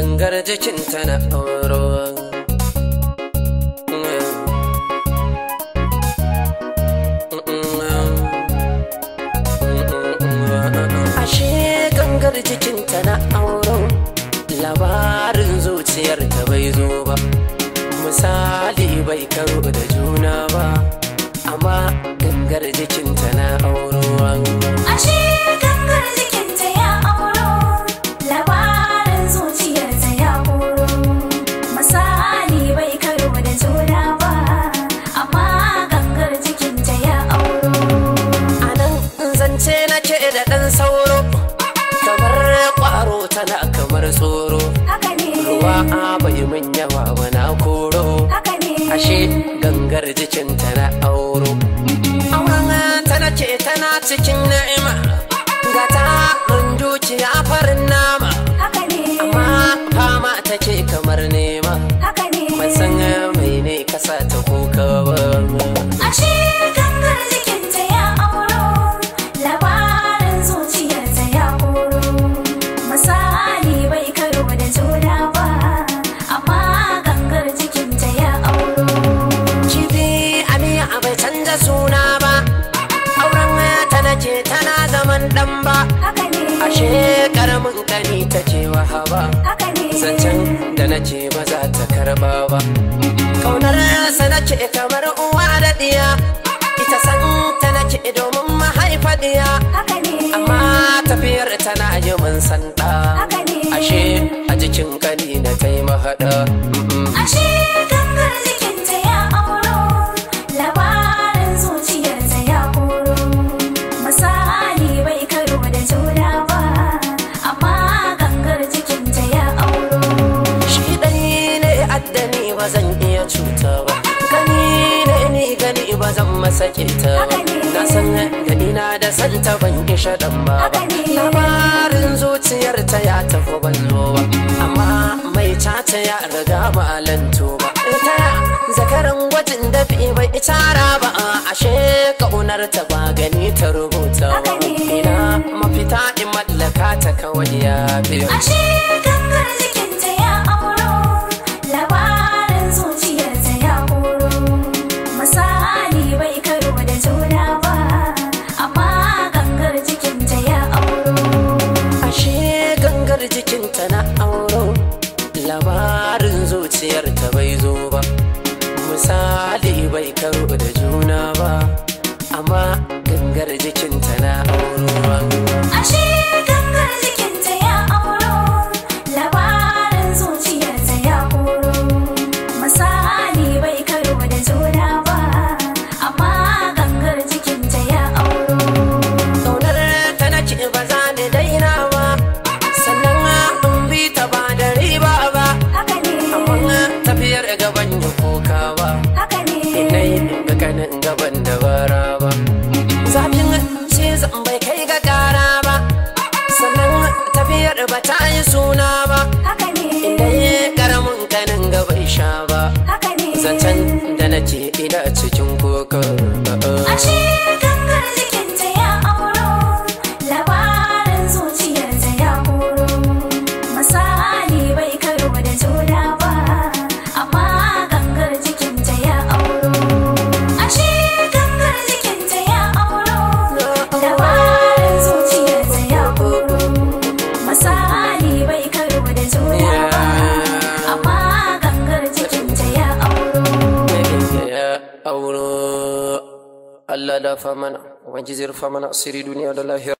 gangar jikin tana auro ashe gangar jikin tana auro labarin zuciyar ta bai zo ba misali bai karo da juna ba amma gangar jikin tana auro ashe kana kamar tsoro ruwa a bai mun yawa ba na koro ashe gangar jikinta na auro auren tana ce tana cikin na'ima ga ta dukiya farin nama amma fama ce kamar nema zaman dan ba ashe karamin gani ta ce wa hawa zancen da na ce ba za ta karba ba kaunar sa na ce kamar uwa da diya ita san ta na ce domin mahaifa diya amma tafiyar tana yi mun sanda ashe a jikin kani na kai mahaɗa ashe sake ta ba na san ina da santa ban kisha dan ba labarin zuciyar ta ya tafi ban ba amma mai caca ya riga ba lanto ba ita zakaran gwajin fi bai itara ba ashe kaunar ta ba gani ta rubuta ba ina mafita in mallaka ta kawai ya ashe labarin zuciyar ta bai zo ba misali bai karo da juna ba amma gangar jikin nake ina cikin A Ashe Allah da famana ubangiji rufa mana asiri duniya da lahira